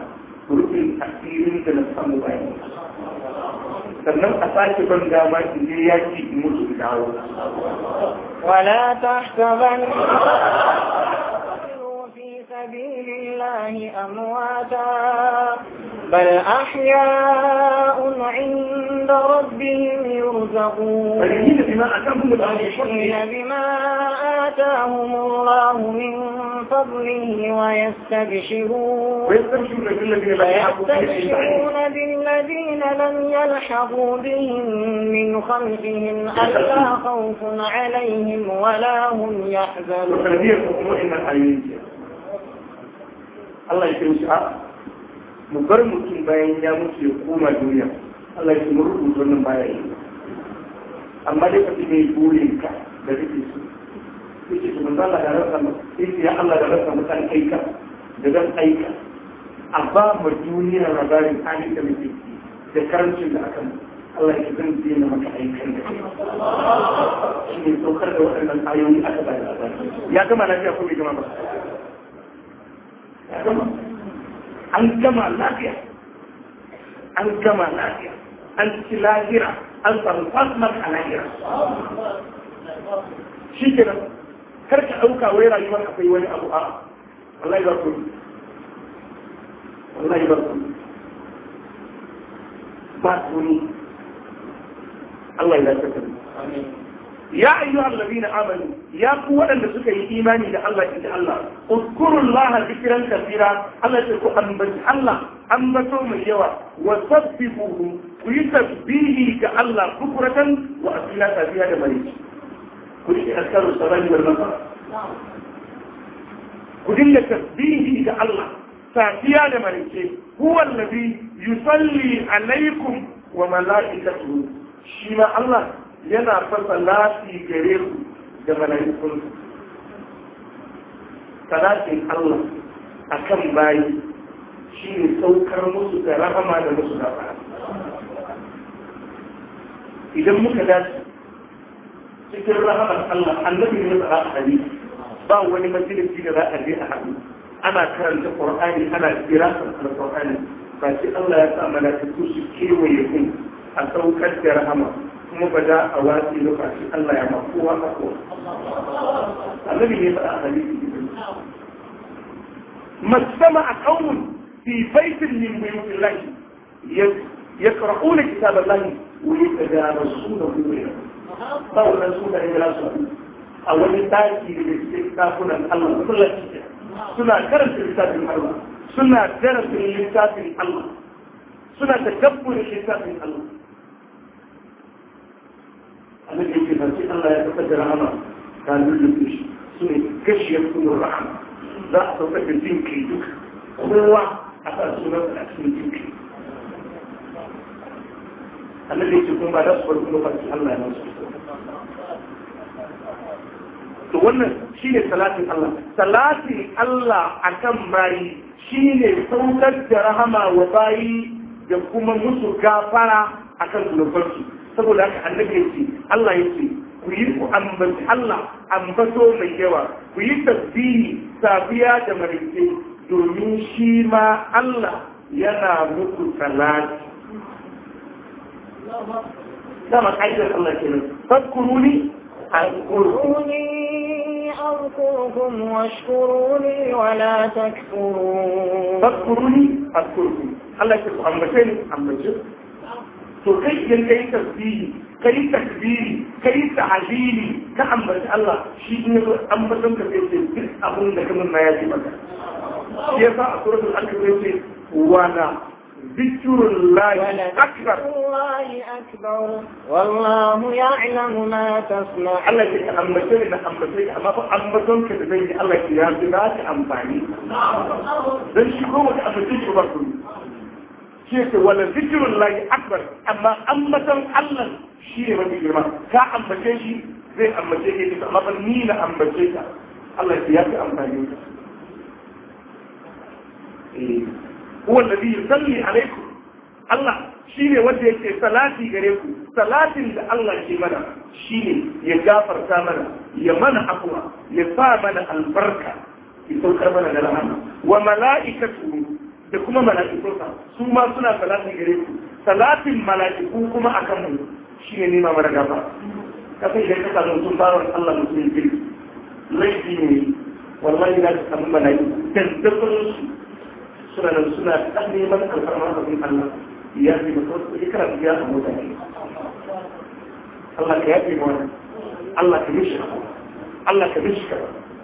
rufin asirin da na samu bayan mutu sannan a sake ban dama in je yaki in mutu in dawo wala tahsaban سبيل الله أمواتا بل أحياء عند عند ربهم يرزقون فرحين بما آتاهم الله من فضله ويستبشرون ويستبشرون بالذين لم يلحقوا بهم من خلفهم ألا خوف عليهم ولا هم يحزنون الله ya kai shi a mu bar mutum bayan ya Allah ya mun rubuta wannan baya yi amma dai kafin ne burin ka da kake so yake to manzo Allah ya rasa mu sai ya Allah ya rasa mu kan aika da zan aika a ba mu duniya labarin halin da muke da karancin da aka Allah ya zan dina maka aikin da shi ne saukar da waɗannan ayoyi aka ba da ya gama lafiya ko bai gama ba ya gama an gama lafiya an gama lafiya anti lahira an samu fasmar a lahira shi ke nan karka ɗauka wai rayuwar akwai wani abu a wallahi ba ku wallahi ba ku ba ku ni Allah ya lafiya ya ayyuhal ladina amanu ya ku waɗanda suka yi imani da Allah inda Allah uzkurullaha zikran kathira Allah ce ku ambaci Allah ambato mai yawa wa sabbihuhu ku yi tasbihi ga Allah bukuratan wa asila tafiya da mai ku yi askaru sabani wal masara ku dinga tasbihi ga Allah safiya da marike huwa allazi yusalli alaikum wa malaikatuhu shi ma Allah yana fasa lafi gare su da mala'ikun talatin Allah a kan bayi shi ne saukar musu da rahama da musu da idan muka dace cikin rahamar Allah annabi ne da a hadisi ba wani majalisi da za a je a haɗu ana karanta Qur'ani ana kirasar Qur'ani ba sai Allah ya sa mala'iku su kewaye kun a saukar da rahama kuma ba da a watsi lokacin Allah ya makowa a kowa annabi ne faɗa a masama a kaunin fi baitin min buyutin lahi يقرؤون كتاب الله ويتدارسون بينهم فهو رسول الله a wani taki da cikin kafunan Allah suna suna karanta littafin Allah suna darasin littafin Allah suna takabbur littafin Allah annabi yake fanci Allah ya saka da rahama ta lullube shi su ne kashiyar kuma rahama za a sauka da jinki duka kowa a sa sunan a cikin jinki annabi yake kuma ba za su bar kuma fanci Allah ya nasu to wannan shi ne salatin Allah salatin Allah akan bayi shi ne saukar da rahama wa bayi da kuma musu gafara a akan zunubansu saboda haka annabi yake Allah yake ku yi ku ambaci Allah ambato mai yawa ku yi tasbihi safiya da marike domin shi ma Allah yana muku salati dama ƙa'idar Allah kenan fadkuruni azkuruni أذكركم واشكروا ولا تكفرون فاذكروني أذكركم الله يكفر أمتين أمتين to kai idan kai tasbihi kai takbiri kai ta'zili ka ambaci Allah shi ne ambaton ka sai ce duk abin da kaman ma ya ji maka shi yasa a suratul al-ankabut sai ce wala zikirullahi akbar wallahu ya'lamu ma tasna Allah ya ambace ni da ambace amma fa ambaton ka da zai Allah ya ji na ta amfani dan shi ko wata ambace ki ba ku shi yake wala zikirun lahi akbar amma ambatan Allah shi ne mafi girma ka ambace shi zai ambace ke ita amma ban ni na ambace ka Allah ya fi amfani ka eh, huwa biyu yusalli alaikum Allah shi ne wanda yake salati gare ku salatin da Allah ke mana shi ne ya gafarta mana ya mana afwa ya fa mana albarka ya saukar mana da rahama wa mala'ikatu da kuma mala'ikunsa su ma suna salatin gare ku salatin mala'iku kuma akan mu shi ne nema mara gaba kasan idan ka samu sun fara Allah mutum ya girki laifi ne wallahi na ka samu mala'iku dandabarin su suna nan suna ɗan neman alfarma a Allah ya fi mutum su yi karatu ya samu da Allah ka yafe mana Allah ka mishka Allah ka mishka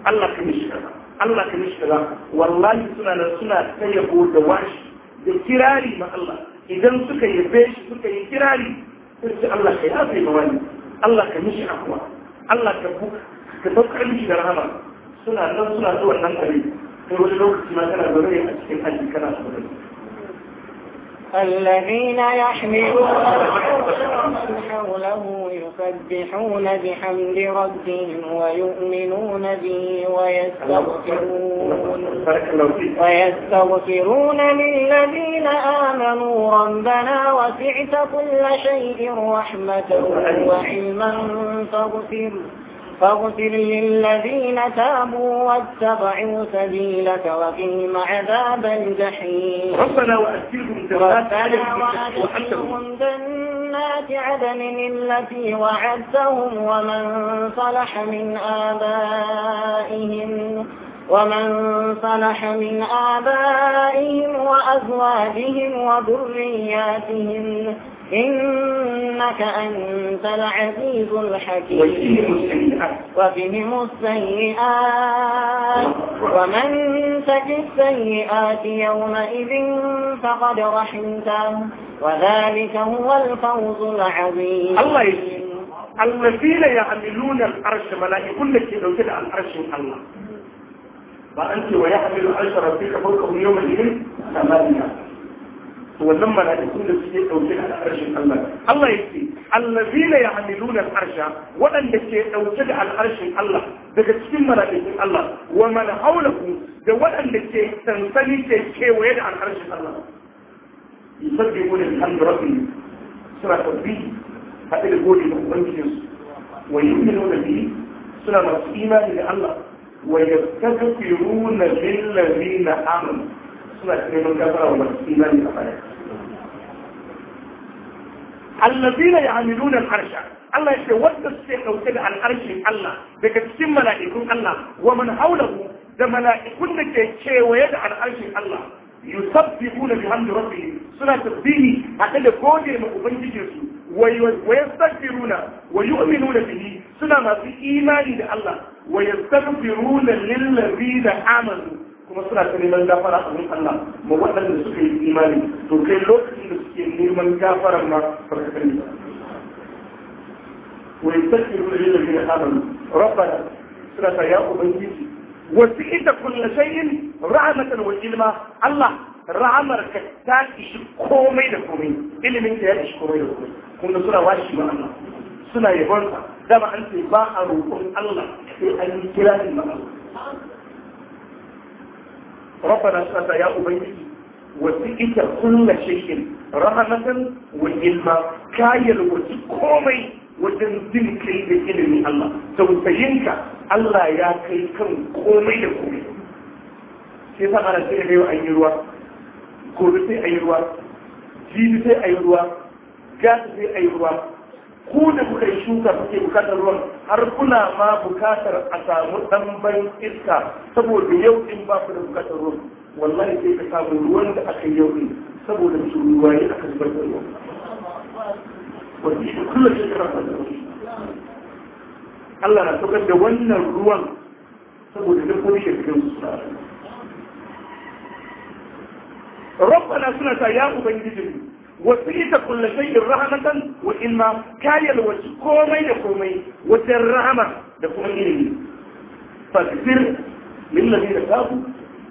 Allah ka mishka Allah ka mishi kaza wallahi suna nan suna ta yabo da washi da kirari ma Allah idan suka yabe shi suka yi kirari sai su Allah ka yafe ma wani Allah ka mishi akwa Allah ka buka ka saukar mishi da rahama suna nan suna zuwa nan kare sai wani lokaci ma kana zaune a cikin aji kana zaune الذين يحملون حوله يسبحون بحمد ربهم ويؤمنون به ويستغفرون ويستغفرون للذين آمنوا ربنا وسعت كل شيء رحمة وعلما فاغفر فاغفر للذين تابوا واتبعوا سبيلك وقيم عذاب الجحيم ربنا وأسلهم جنات عدن التي وعدتهم ومن صلح من آبائهم ومن صلح من آبائهم وأزواجهم وذرياتهم إنك أنت العزيز الحكيم وفيهم السيئات ومن تك السيئات يومئذ فقد رحمته وذلك هو الفوز العظيم الله يسلم الذين يحملون العرش ملائكة التي لو على العرش الله وأنت ويحمل عرش ربك فوقهم يوم الدين ثمانية wannan mala'iku da suke dauke da al'arshin Allah Allah yake allazina yahmiluna al'arsha waɗanda ke dauke da al'arshin Allah daga cikin mala'ikun Allah wa man hawlahu da waɗanda ke sansani ke kewaye da al'arshin Allah yusabbihuna bihamdi rabbihim suna tasbihi haɗe da gode da ubangijinsu wa yu'minuna bihi suna masu imani da Allah wa yastaghfiruna lil ladina amanu suna neman gafara wa masu imani a baya allazina ya'maluna al-arsha Allah ya ce wanda suke ɗauke da al'arshin Allah daga cikin mala'ikun Allah wa man hawlahu da mala'ikun da ke kewaye da al'arshin Allah yusabbihuna da rabbihim suna tasbihi haɗe da gode ma ubangijinsu ويستغفرون ويؤمنون به سنة ما في إيمان الله ويستغفرون للذين آمنوا kuma suna ta neman gafara a wurin Allah ma waɗanda suka yi imani to kai lokacin da suke neman gafaran ma farka sani ba wa yastaghfiru lil ladina amanu rabbana suna ta ya ubangiji wasu ita kulla shayin rahmatan wa ilma Allah rahamar ka ta ishi komai da komai ilimin ka ya ishi komai da komai kuma suna washi ma Allah suna yabonsa dama an ce ba a roƙon Allah sai an yi kiranin ma Allah rabbanan kasa ya ubangiji wasu ita kunna shekin rahanatan wa ilma kayar wasu komai wajen jin kai da ilimi Allah tausayinka Allah ya kai kan komai da komai sai sa ana sai da yau yi ruwa gobe sai a yi ruwa jini sai a yi ruwa gasa sai a yi ruwa ku da kuka yi shuka kuke bukatar ruwan har kuna ma bukatar a samu ɗanban iska saboda yau in ba ku da bukatar ruwan wallahi sai ka samu ruwan da aka yi yau din saboda su ruwa ne aka zubar da ruwan shi da Allah na saukar da wannan ruwan saboda duk wani shekarun su sa rabbana suna ta ya ubangijinmu wasu ita kullashayin rahamatan wa ilma kayar wasu komai da komai wata rahama da kuma ilimi fasir millami da tabu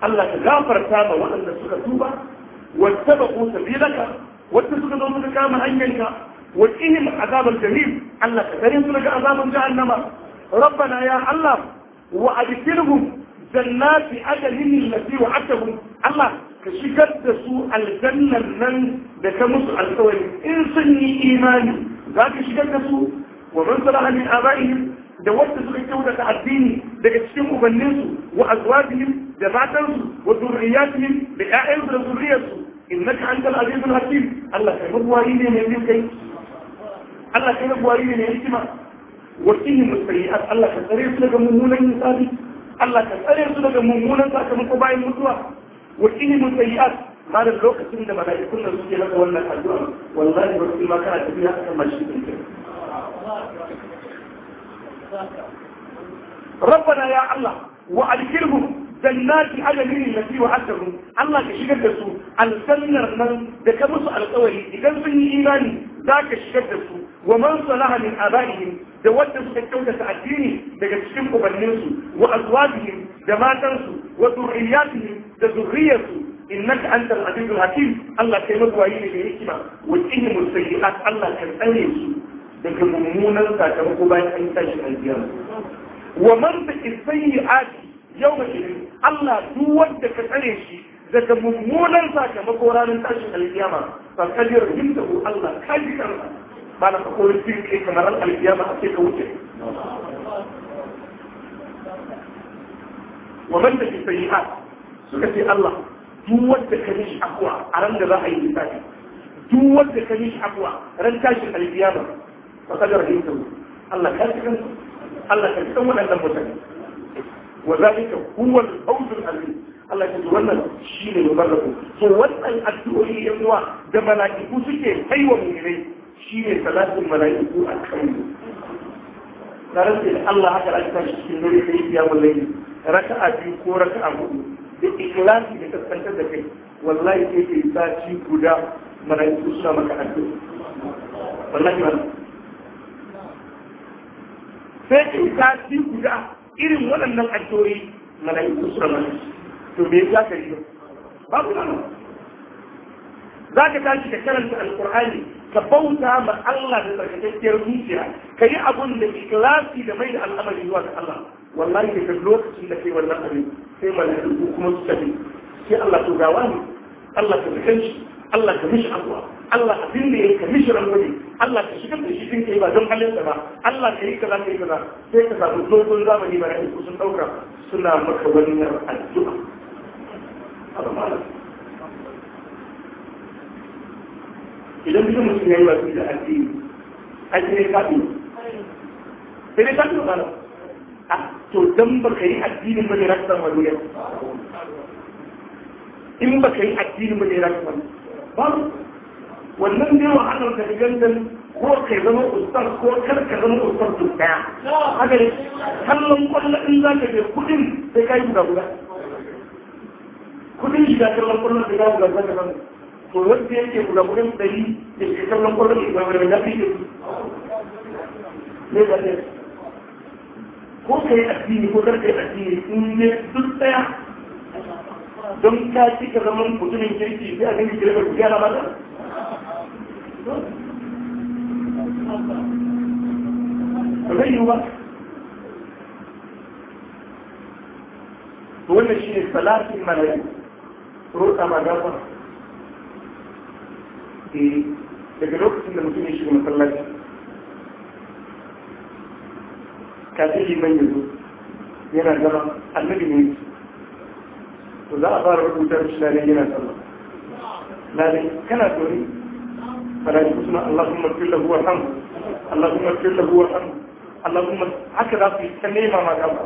Allah ka gafarta ma waɗanda suka tuba wata ba ko sabi laka wata suka zo suka kama hanyanka wa ihim azabal jahim Allah ka garin su daga azabun jahannama rabbana ya Allah wa ajtilhum jannati ajalin allati wa'adtahum Allah كشكت دسو الجنة من دكمس الثواني إن صني إيماني ذاك شكت دسو ومن صلح من آبائهم دوست سكتو دك عديني دك تشكم أبننسو وأزواجهم دباتن وذرياتهم بأعلم ذرياتو إنك أنت العزيز الحكيم الله كيف بوالين من يمين الله كيف بوالين من يمين وَرْتِهِ مُسْتَيِّئَةً أَلَّا كَتَرِيْسُ لَكَ مُمُونَ إِنْسَادِي أَلَّا كَتَرِيْسُ لَكَ مُمُونَ إِنْسَادِي أَلَّا كَتَرِيْسُ لَكَ مُمُونَ إِنْسَادِي wa ilimin sayi'at ba da lokacin da mala'ikun nan suke maka wannan addu'a wallahi ba su ma kana tafiya akan mashi din ربنا يا الله وأدخلهم جنات عدن التي وعدتهم الله كشكر دسو الجنة من دكبس القوري إذا سني إيماني ذاك الشكر دسو wa man salaha min abaihim da wanda suka kyautata addini daga cikin ubanninsu wa azwajihim da matansu wa zurriyatihim da zurriyarsu innaka antal azizul hakim Allah kai magwayi ne da hikima wa qihim as Allah kan tsare su daga mummunan sakamako bayan an tashi aljiyar wa man taqi sayyi'ati yawma idin Allah duk wanda ka tsare shi daga mummunan sakamako ranar tashin alkiyama fa kadir hinta Allah kaji karba ba ka kako wani cikin kai kamar ran alkiyama a ce ka wuce wa man da fi sayyi'at suka ce Allah duk wanda ka mishi akwa a ran da za a yi lissafi duk wanda ka mishi akwa ran tashi tashin alkiyama fa kadar hinta Allah ka cikin Allah ka cikin waɗannan mutane wa zalika huwa al-fawzul azim Allah ya ji wannan shine mubarraku to wannan addu'o'i yan uwa da mala'iku suke kaiwa mu'minai shi ne salatin mala'iku a kan mu tare da Allah haka ake shi ne da yake ya raka a biyu ko raka a hudu da ikhlasi da kaskantar da kai wallahi sai ta ci guda mala'iku suna maka hannu wallahi wannan sai ta ci guda irin waɗannan addu'o'i mala'iku suna maka to me ya ka yi babu nan za ka tashi ka karanta alkur'ani ka bauta ma Allah da tsarkakakkiyar zuciya ka yi abun da ikilasi da mai da al'amari zuwa ga Allah wallahi daga lokacin da kai wannan abin sai mala'iku kuma su tafi sai Allah to gawa ne Allah ka fitan shi Allah ka mishi abuwa Allah abin da yake ka mishi ramuni Allah ka shigar da shi din kai ba don halin ba Allah ka yi kaza ka yi kaza sai ka samu dogon zamani mala'iku sun dauka suna maka wannan addu'a Allah idan bisa mutum ya yi wasu da addini addini ne kafin sai dai kafin ba a to dan ka yi addinin ba ne za ka samu wani yau in baka yi addinin ba ne za ka ba babu wannan ne wa hannun ka gangan ko ka zama ustar ko kar ka zama ustar duk daya haka ne kallon kwallo in za ka je kudin sai ka yi guda guda kudin shiga kallon kwallo sai ka yi guda guda to wanda yake kula kudin ɗari da ke kallon kwallon shi wani nafi ne ne da ne ko ka yi addini ko kar yi addini ne duk ɗaya don ka ci ka zama mutumin kirki sai a gani kirkar ku gyara mata zai yi ba to wannan shi ne salatin malayi roƙa ma gafara في daga lokacin da mutum ya shiga masallaci kafin liman yanzu yana zama annabi ne to za a fara rubuta shi lalai yana sallah lalai kana tori fara ji suna Allahumma fir lahu wa ham Allahumma fir lahu wa ham Allahumma haka za su yi ta nema ma gaba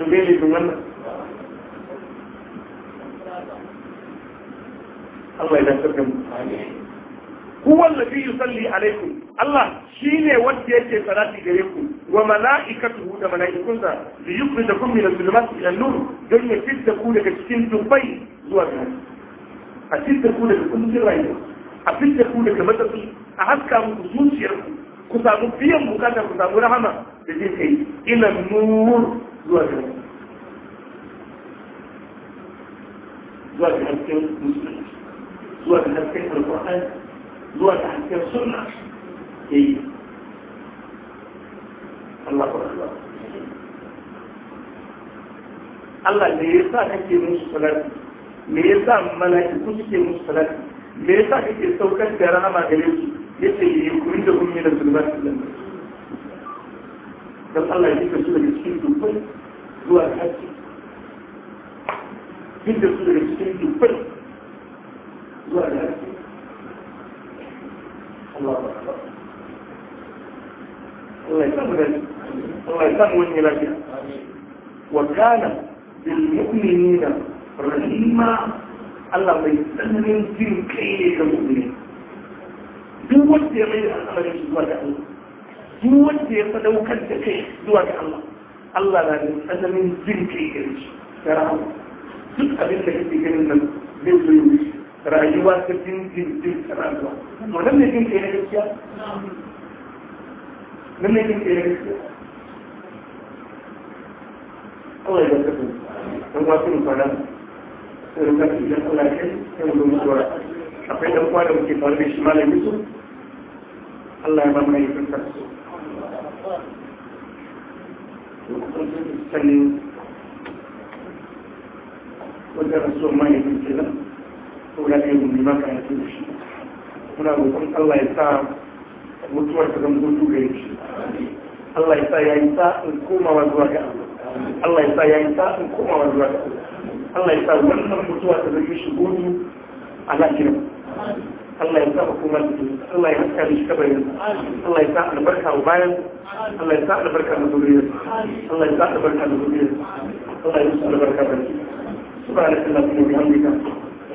to bai ne wannan Allah ya dantar da mu huwa allazi yusalli alaikum Allah shine wanda yake salati gare ku wa mala'ikatuhu da mala'ikunsa li yukhrijakum min adh-dhulumati ila an-nur dan ya fitta ku daga cikin dubai zuwa ga a fitta ku daga kungin rayuwa a fitta ku daga matsatsi a haska muku zuciyarku ku samu biyan bukatar ku samu rahama da jin kai ila nur zuwa ga zuwa ga hasken musulunci zuwa ga hasken القرآن zuwa ga hasken sunna ya yi الله Allah Allah ne ya sa kake musu salati me ya sa mala'iku suke musu salati me ya sa kake saukar da rahama gare su yace da ummi da zulmatu Allah ya su daga cikin dubbai zuwa su daga cikin zuwa da Allah ba rahima Allah bai tsananin jin kai ne ga mu'mini duk wanda ya mai da al'amarin zuwa ga Allah duk wanda ya sadaukar da kai zuwa ga Allah Allah na da tsananin jin kai ga shi rahama duk abin da kake ganin nan zai zo yi rayuwa ta jin jin jin rayuwa to nan ne jin kai na gaskiya nan ne jin kai na gaskiya Allah ya barka su dan wasu mu fara sai ka ji dan Allah ya kai mu mu dora akwai dan kwa da muke tare da shi malami su Allah ya ba mu yi su sannan wajen rasuwar mahaifin kenan saboda kai shi muna roƙon Allah ya sa mutuwar ta shi Allah ya sa ya yi sa in komawa zuwa ga Allah Allah ya sa ya yi sa in komawa zuwa ga Allah Allah ya sa wannan mutuwa ta zama shi gudu a lafiya Allah ya sa hukumar Allah ya haska kabarin Allah ya sa albarka wa bayan Allah ya sa albarka na zuriyar Allah ya sa albarka da zuriyar Allah ya sa albarka subhanallahi wa bihamdihi